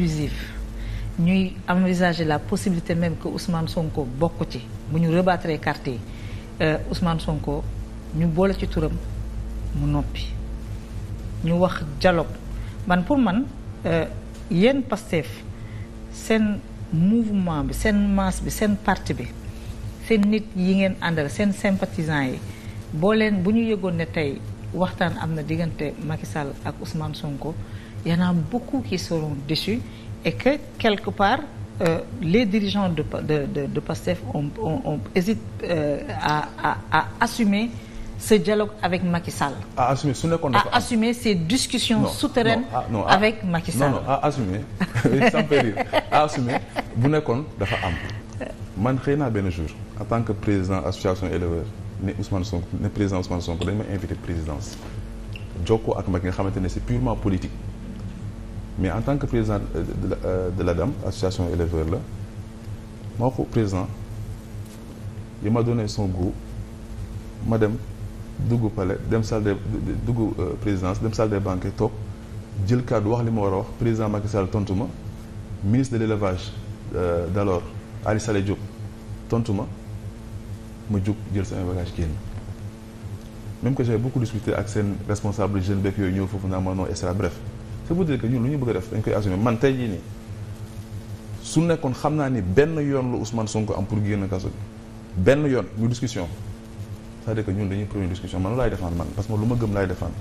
inclusif ñuy envisager la possibilité même que Ousmane Sonko bokk ci bu ñu rebattre carte yi euh, Ousmane Sonko ñu boole ci turam mu noppi ñu wax dialogue man pour man euh, yéen Pastef seen mouvement bi seen masse bi seen parti bi seen nit yi ngeen àndal seen sympathisants yi boo leen bu ñu yëgoon ne tey waxtaan am na diggante Macky Sall ak Ousmane Sonko y en a beaucoup qui seront déçus et que quelque part euh, les dirigeants de de de, de PASTEF on on, on hésite euh, à à à assumer ce dialogue avec Macky Sall. à assumer su nekkoon dafa à assumer ces discussions non, souterraines. Non, ah, ah, avec Macky Sall assumer bu nekkoon dafa am man xëy naa benn jour en tant que président association éleveur. ne Ousmane Sonko ne président Ousmane Sonko dañ ma invité présidence jokkoo ak mag nga xamante ne c'est purement politique mais en tant que président de euh, l'ADAM association éleveur la moo ko président li m'a donné son goût ma dem dugg palais dem salde duggu euh, présidence dem salle des banquets toog jël kàddu wax li ma war a wax président Macky Sall tontu ma ministre de l'élevage euh, d'alors Aly Saleh Diop tontu ma ma jug jël samay bagage génn même que j'avais beaucoup discuté ak seen responsable jeune beeg yooyu ñëw foofu naa ma non et cetera bref ça veut dire ñun lu ñu bëgg a def dañ koy assumer man tey jii nii su nekkoon xam naa ni benn yoon la Ousmane Sonko am pour génn kaso bi benn yoon ñu discussion c'est-à-dire que ñun dañuy première discussion man laay défendre man parce que lu ma gëm laay défendre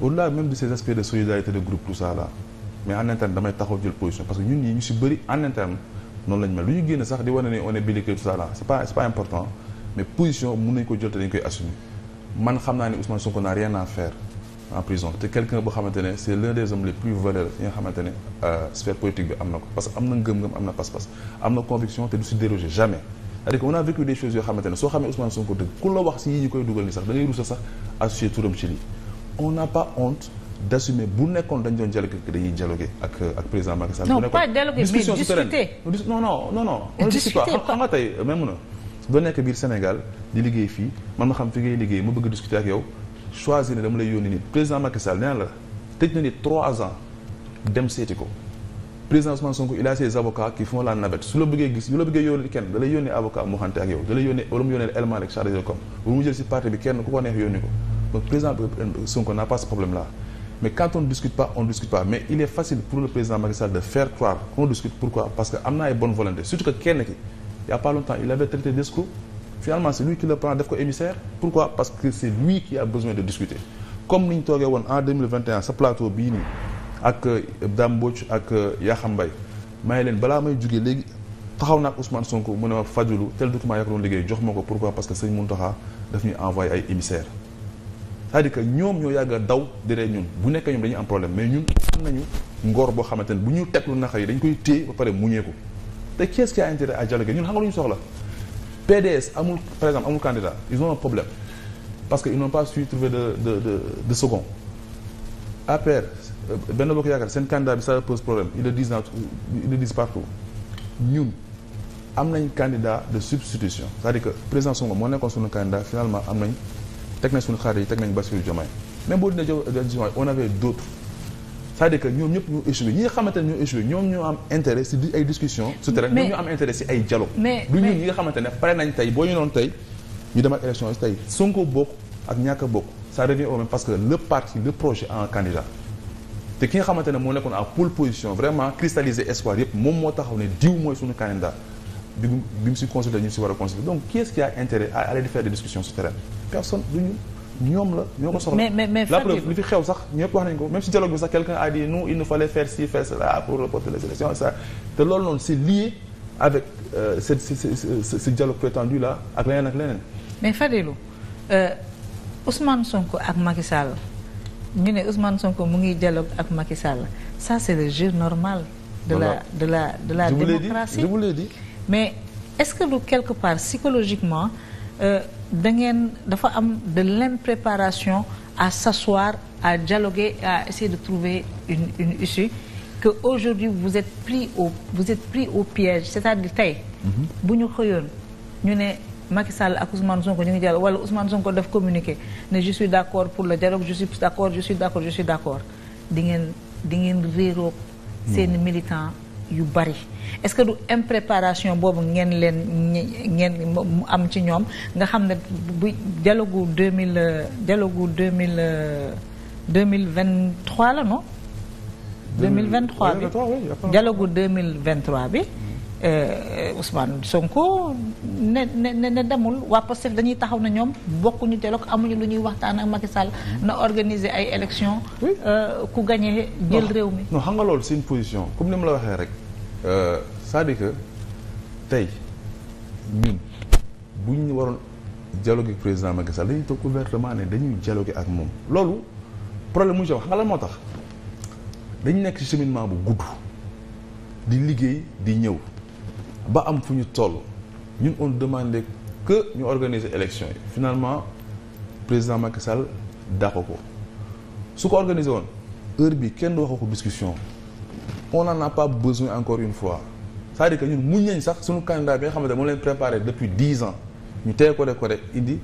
au-delà même de ces aspects de solidarité de groupe tout ça mais en parce que ñun ñi ñu si bëri en noonu lañ mel lu ñu génn sax di wane ne on est belliqueux tout ça c'est pas c'est pas important mais position mën nañ ko jël te koy assumer man xam naa ne Ousmane Sonko n'a rien à faire en prison te quelqu'un boo xamante ne c'est l'un des hommes les plus valeureux yi xamante ne euh, sphère politique bi am na ko parce am na ngëm-ngëm am na pas-pas am na conviction te du si déroger jamais c'est-à-dire que on yoo xamante ne soo xamee Ousmane Sonko d' assumer bu nekkoon dañ doon dialogué dañuy dialogué ak ak président Macky Sall. non pas dialogué mais discuter non non non non. on discute quoi xam nga tey même na doo nekk biir Sénégal di liggéey fii man ma xam fi ngay liggéey ma bëgg discuter ak yow choisir ne dama lay yónni nit président Macky Sall na la tëj na trois ans dem seeti ko. président Ousmane Sonko il a ses avocats qui font la navette su la bëggee gis su la bëggee yónni kenn da lay yónnee avocat mu xante ak yow da lay yónnee wala mu yónnee mais quand on ne discute pas on ne discute pas mais il est facile pour le président Macky de faire croire qu'on discute pourquoi parce que am na ay bonne volonté surtout que kenn ki il a pas longtemps il avait traité d'escroc finalement c'est lui qui le prend def ko émissaire pourquoi parce que c'est lui qui a besoin de discuter comme ni toogee woon en sa plateau bii nii ak euh, Dame ak euh, Yakham Mbaye may leen balaa may jugee léegi taxaw na ak Ousmane Sonko mu ne ma fajulu tel document yaa ko doon jox ma ko pourquoi parce que sëñ Mountakha daf ñuy à dire que ñoom ñoo yàgg a daw diree bu nekkee ñoom dañuy am problème mais ñun am nañu ngor boo xamante ne bu ñu teglu naxa yi dañ koy téye ba pare muñee ko te à dialoguer ñun xam nga lu ñu soxla PDS par exemple amul candidat ils ont un que ils pas su trouver de de de de second APR euh, Benno Bokk Yaakaar seen candidat bi ça pose problème ils le disent dans ils am nañ candidat de substitution cest à que président Sonko moo nekkoon sunu candidat finalement am nañ teg nañ suñu xaar yi teg nañ Bassirou Diomaye même boo dina Diomaye on avait d' autres c'est-à-dire que ñoom ñëpp ñu échoué ñi nga xamante ne ñoo échoué ñoom ñoo am intérêt si ay discussion su terrain ñoom ñoo am intérêt si ay dialogue du ñun ñi nga xamante ne pare nañ tey boo ñu noonu tey ñu demaat élection tey Sonko bokk ak ñàkk bokk ça revient au parce que le parti le projet en un candidat te ki nga xamante ne moo nekkoon en pole position vraiment cristalliser espoir yëpp moom moo taxaw ne diw mooy suñu candidat bi bi mu si consulté ñu si war a consulté donc qui est-ce qui a intérêt à aller faire des discussions sur terrain personne du ñu ñoom la ñoo ko soxla. mais mais mais la preuve li fi xew sax ñëpp wax nañ ko même si dialogue bi sax quelqu'un a dit nous il nous fallait faire ci faire cela pour reporter les élections et ça te loolu noonu c'est lié avec euh, ce ce ce ce dialogue prétendu là ak leneen ak leneen. mais Fadilou euh, Ousmane Sonko ak Macky Sall ñu ne Ousmane Sonko mu ngi dialogue ak Macky Sall ça c'est le jeu normal. de la de la de la démocratie je vous l'ai dit. mais est-ce que du quelque part psychologiquement euh, da ngeen dafa am de l'impréparation à s'asseoir à dialoguer à essayer de trouver une une issue que aujourd'hui vous êtes pris au vous êtes pris au piège c'est-à-dire tey mhm. bu ñu xëyoon ñu ne Macky Sall ak Ousmane Sonko ñu ngi jàll wala usman Sonko daf communiqué ne je suis d'accord pour le dialogue je suis d'accord je suis d'accord je suis d'accord di ngeen di ngeen réeroo seen militant yu bari est-ce que du impréparation boobu ngeen leen ngeen mu am ci ñoom nga xam ne bu dialogu deux mille dialogu deux mille deux mille vingt trois la non. deux mille vingt trois bi dialogu deux mille vingt trois bi. Euh, euh, Ousmane Sonko ne ne ne demul waa Pastef dañuy taxaw na ñoom bokkuñu dialogue amuñu lu ñuy waxtaan ak Macky Sall na organiser ay élections. Euh, ku gagné jël réew mi. non xam nga loolu c'est position comme ni ma la waxee rek c'est-à-dire que tey ñun buñ waroon dialogue ak président Macky Sall dañuy toog ouvertement ne dañuy dialogue ak moom loolu problème mu ci wax xam nga lan moo tax dañu nekk ci cheminement bu gudd di liggéey di ñëw. ba am fu ñu toll ñun on demandait que ñu organiser élection yi finalement président Macky Sall dàq ko su ko organiser woon heure bi kenn du wax ko discussion on n'en a pas besoin encore une fois c'est-à-dire ñun muñ nañ sax suñu candidat bi nga xam ne moom leen préparé depuis dix ans ñu teye ko de indi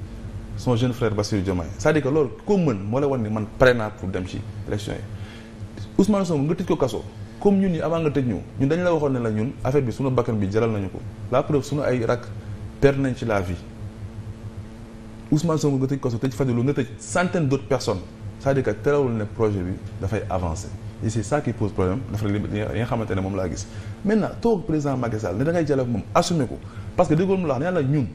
son jeune frère Bassirou Diomaye c'est-à-dire que loolu ko mën moo lay wan ni man pare naa pour dem ci élection yi Ousmane Sonko nga tëj ko kaso comme ñun ñi avant nga tëj ñu ñun dañu la waxoon ne la ñun affaire bi sunu bakkan bi jaral nañu ko la preuve sunu ay rak perdre nañ ci la vie Ousmane Sonko nga tëj ko sa tëj Fadilou nga tëj centaine d'autres personnes c'est-à-dire que terewul ne projet bi dafay avancer et c'est ça qui pose problème dafa li nga xamante ne moom laa gis maintenant toog président Macky Sall ne da ngay jëlee moom assumer ko parce que déggoon mu la wax ne la ñun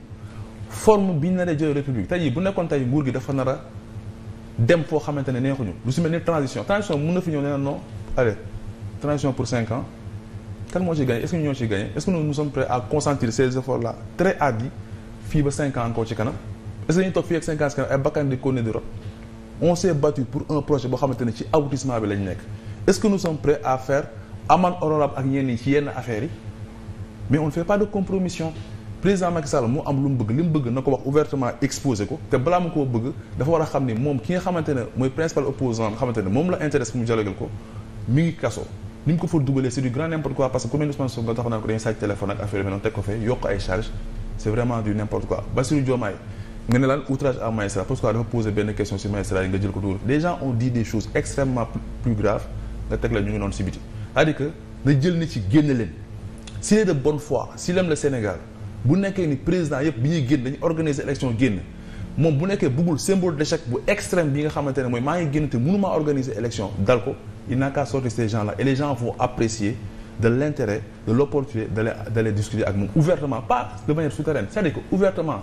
forme bi ñu nar a jëlee tey bu nekkoon tey nguur gi dafa nar dem foo xamante ne neexuñu lu si mel ni transition transition mën na fi ñëw nee transition pour cinq ans kan moo ci gagné est-ce que ñoo ci gagné est-ce que nous nous sommes prêts consentir ces efforts là très hard yi fii ba cinq ans encore ci kanam est-ce que ñu toog fii ak cinq ans ci kanam ay bakkan di continuer di rot on s'est battu pour un projet boo xamante ne ci aboutissement bi lañ nekk est-ce que nous sommes prêts à faire amende honorable ak ñenn yi ci yenn affaires yi mais on ne fait pas de compromission président Macky mu am lu mu bëgg li mu bëgg na ko wax ouvertement exposé ko te balaa mu koo bëgg dafa xam ni moom ki nga xamante ne mooy principal opposant xamante ne moom la intéresse mu jalogal ko mi ngi kaso ni ñu ko fa dugalee c'est du grand n'importe quoi parce que ku mel ni Ousmane Sonko taxaw naa ko dañuy sàcc téléphone ak affaire yu mel noonu teg ko fee yokk ay charge c'est vraiment du n'importe quoi Bassirou Diomaye nga ne outrage à magistrat parce que dafa poser benn question ci magistrat yi nga jël ko dugal les gens ont dit des choses extrêmement plus graves nga teg la ñu ngi noonu ci biti cest à jël nit ci génne leen s'il est de bonne foi s'il aime le Sénégal bu nekkee ni président yëpp bi ñuy génn dañuy organiser élection génn moom bu nekkee bëggul symbole d'échec bu extrême bi nga xamante ne mooy maa ngi génn te mënumaa organiser élection dal ko il n'a qu'à sortir ces gens-là et les gens vont apprécier de l'intérêt de l'opportunité d'aller d'aller discuter ak moom ouvertement pas de manière souterraine c'est-à-dire ouvertement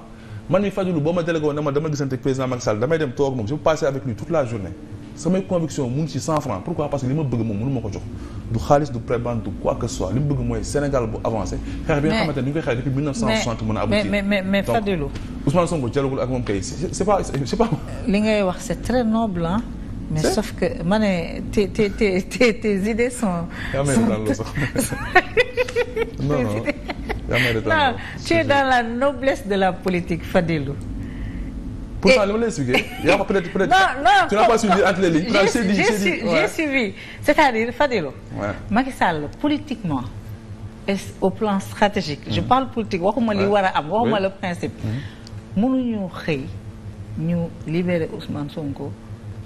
man mi fajulu boo ma délégué woon ne dama gisante président Macky damay dem toog moom je peux passer lui toute la journée samay conviction mun ci 100 francs pourquoi parce li ma bëgg moom mënu ma ko jox du xaalis du prébande du quoi que soit li mu bëgg mooy Sénégal bu avancé xeex bi mais sauf que ma ne tes tes tes tes idées sont. sont non non non tu dans la noblesse de la politique Fadilou. pourtant li ma lay expliqué yaa ko peut être peut non non tu n'as pas suivi entre les lignes. j'ai suivi j'ai suivi c'est-à-dire Fadilou. waaw Macky Sall politiquement. et au plan stratégique. je mm. parle politique li war a am waxuma le principe. Mm. mënuñu xëy ñu libérer Ousmane Sonko.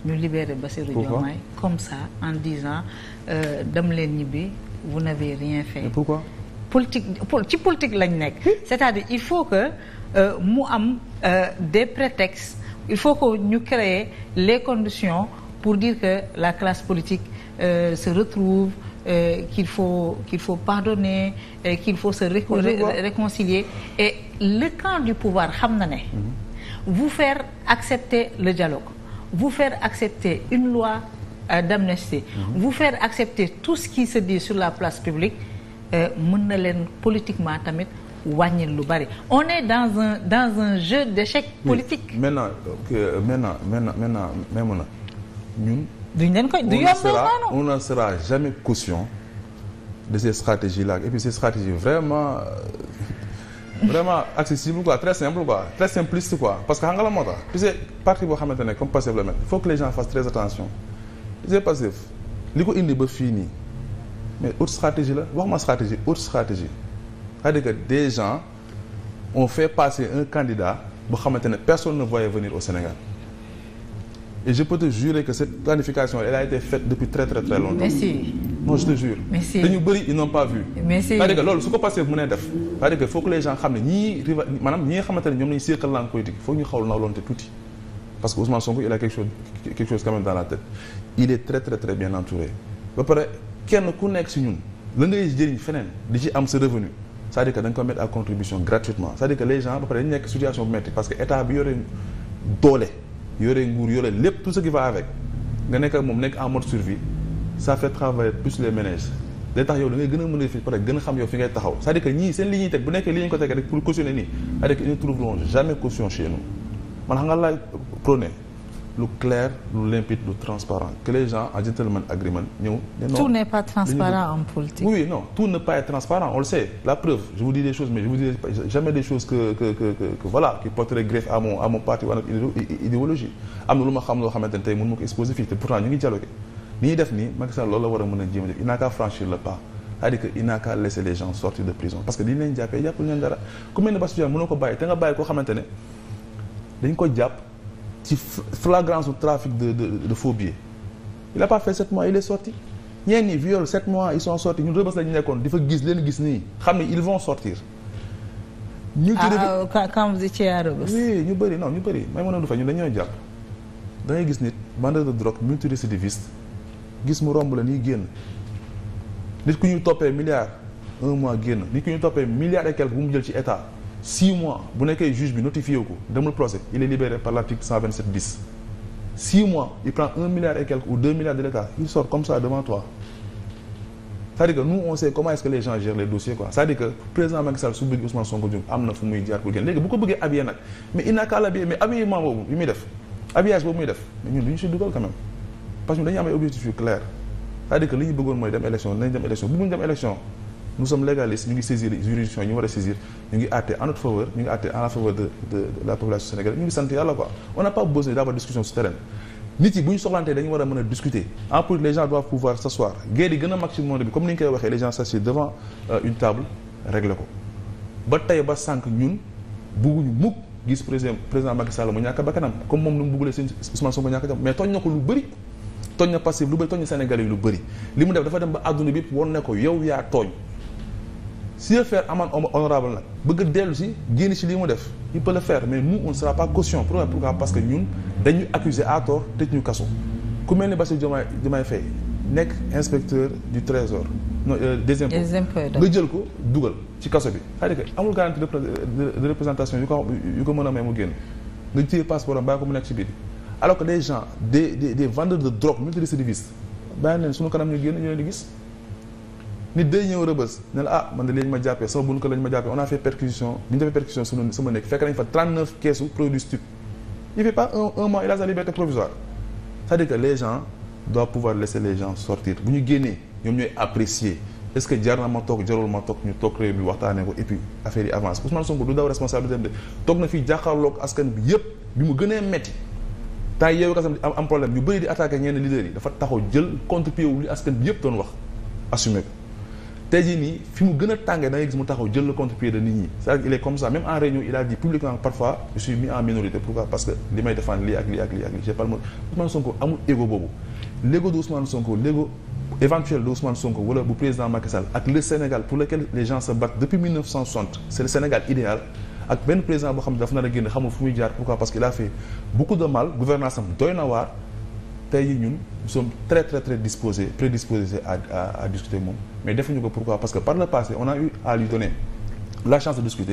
ñu libérer Bassirou Diomaye comme ça en disant euh, dem leen ñibbi vous n'avez rien fait. Mais pourquoi politique ci politique lañ nekk. c'est-à-dire il faut que euh, mu am euh, des prétextes il faut que ñu créer les conditions pour dire que la classe politique euh, se retrouve euh, qu'il faut qu'il faut pardonner et qu'il faut se récon réconcilier et le camp du pouvoir xam na ne. Mhm. vous faire accepter le dialogue. vous faire accepter une loi euh, d'amnistie mmh. vous faire accepter tout ce qui se dit sur la place publique euh, mën na leen politiquement tamit wàññil lu bari on est dans un dans un jeu d'échecs politique. maintenant que maintenant maintenant maintenant même na ñun. duñ leen koy du yomb on ne sera jamais caution de ces stratégies là et puis ces stratégies vraiment. vraiment accessible quoi très simple quoi très simpliste quoi parce que xam nga la moo tax tu sais parti boo xamante ne comme Pastef la mel il faut que les gens fassent li ko indi ba fii nii mais autre stratégie la wax ma stratégie autre stratégie c'est-à-dire que des gens ont fait passer un candidat boo xamante ne personne ne voyait venir au Sénégal et je peux te jurer que cette planification elle a été faite depuis très très très longtemps. non je te jure. dañu bëri ils n'ont pas vu. mais c'est loolu su ko passé bu mënee def. c'est-à-dire que faut xam ne ñii riva maanaam ñi nga xamante ne ñoom lañu seqal langue politique foog ñu xaw nawlonte tuuti. parce que Ousmane Sonko il a quelque chose quelque chose quand même dans la tête il est très très bien entouré ba pare kenn ku nekk si ñun la ngay jëriñ feneen di ci am sa revenu cest dire que dañ ko mettre à contribution gratuitement cest dire que les ba ça fait travailler plus les ménages day tax yow da ngay gën a mën a fi peut-être gën a xam yow fi ngay taxaw c'est-à-dire que ñii seen li ñuy teg bu nekkee li ñu ko teg rek pour cautionner nii c'est-à-dire que ils ne trouveront jamais caution chez nous man xam nga laay prôné lu clair lu limpide lu transparent que les gens en gentleman agreement ñëw. tout n'est pas transparent en politique. oui non tout ne pas être transparent on le sait la preuve je vous dis des choses je vous dis jamais des choses que que que que, que ni ñuy def nii Macky Sall loolu la war a mën a jéem a def il n'a qu'à franchir de prison parce que li ko jàpp ci flagrance du trafic de de de faux billets il a pas fait sept mois mois ils sont sortis ñun rëbës la di fa gis leen gis nii xam ne ils vont sortir. ñu ci ah, ah, quand vous étiez à Rebeuss. ñu bëri non ñu bëri may a du fa ñun dañu ñoo jàpp da ngay gis nit bandeur de drogue gis mu romb la nii génn nit ku ñuy toppee milliard un mois génn nit ku ñuy toppee milliard et quelque bu mu jël ci état six mois bu nekkee juge bi notifié ko demul procès il est libéré par l'article 127 bis six mois il prend un milliard et quelque ou deux milliards de l'état il sort comme ça devant toi c'est-à-dire que on sait comment est-ce que les gens gèrent les dossiers quoi c'est-à-dire que président Macky Sall su bëgg Ousmane Sonko jóg am na fu muy jaar pour génn léegi bu ko bëggee habillé nag mais muy def habillage boobu muy def mais ñu si dugal quand parce que dañu am ay objectifs yu clair c'est-à-dire li ñu bëggoon mooy dem élection nañ dem élection bëgguñ dem élection nous sommes légalistes ñu ngi saisir juridiction ñu war saisir ñu ngi àtte en notre faveur ñu ngi àtte en la faveur de de la population sénégalaise ñu ngi sant yàlla quoi on n'a pas besoin d'avoir discussion sur terrain nit yi bu ñu soxlantee dañu war a mën a discuter en plus les gens doivent pouvoir s'asseoir guerre yi gën a mag ci monde bi comme euh, ba tey ba sànq ñun bugguñu mukk gis président président Macky Sall mu ñàkk bëri tooñ na passif lu bëri tooñ na Sénégalais yi lu bëri li mu def dafa dem ba àdduna bi won ne ko yow yaa tooñ si le faire amende honorable nag bëgg dellusi dellu si génn ci li mu def il peut le faire mais mu on ne sera pas caution pour pourquoi parce que ñun dañu accuser à tort ñu kaso mel ni Bassirou Diomaye Diomaye nekk inspecteur du trésor non euh, des impôts nga jël ko dugal ci kaso bi c'est-à-dire que amul de représentation yu ko yu ko mën a may mu génn nga téye passeport am bàyyi ko mu nekk ci biir alors que des gens des des, des vendeurs de bàyyi leen suñu kanam ñu génn ñu leen nit day ñëw rëbës ne la ah man de lañ ma jàppee sama bunt ko lañ ma jàppee on a fait perquisition bi ñu defee perquisition sunu sama nekk fekk nañ fa 39 keesu produits stup il fait pas un un mois il sa liberté provisoire cest dire que les gens doivent pouvoir laisser les gens sortir bu ñu génnee ñoom ñooy apprécier est-ce que jar na ma toog jarul ma toog ñu toog réew bi waxtaanee ko et puis affaire yi avance Ousmane Sonko du daw responsabilité askan bi yépp bi mu gënee metti temps yeewu kasam di am problème yu bëri di attaqué ñenn leaders yi dafa taxaw jël contre pied wu li askan bi yëpp doon wax assumé ko tey jii nii fi mu gën a tàngee da ngay gis mu taxaw jël le contre pied de nit ñi c'est-à-dire il est comme ça même en réunion il a dit publiquement parfois je suis mis en minorité pourquoi parce que li may défendre lii ak lii ak lii ak lii j'ai pas le mot Ousmane Sonko amul ego boobu l'ego de Ousmane Sonko l'ego éventuel de Ousmane Sonko wala bu président ak benn président boo xam ne na nar a génn xamul fu muy jaar pourquoi parce que il a fait beaucoup de mal gouvernance am doy na waar tey yi ñun nous sommes très très très disposés prédisposés à à, discuter moom mais defuñu ko pourquoi parce que par le passé on a eu à lui donner la chance de discuter